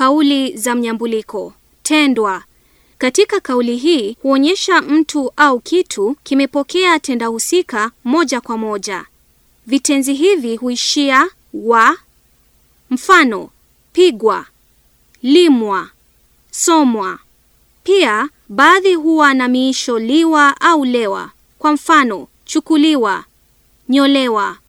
Kauli za mnyambuliko. Tendwa katika kauli hii huonyesha mtu au kitu kimepokea tenda husika moja kwa moja. Vitenzi hivi huishia wa. Mfano: pigwa, limwa, somwa. Pia baadhi huwa na miisho liwa au lewa. Kwa mfano: chukuliwa, nyolewa.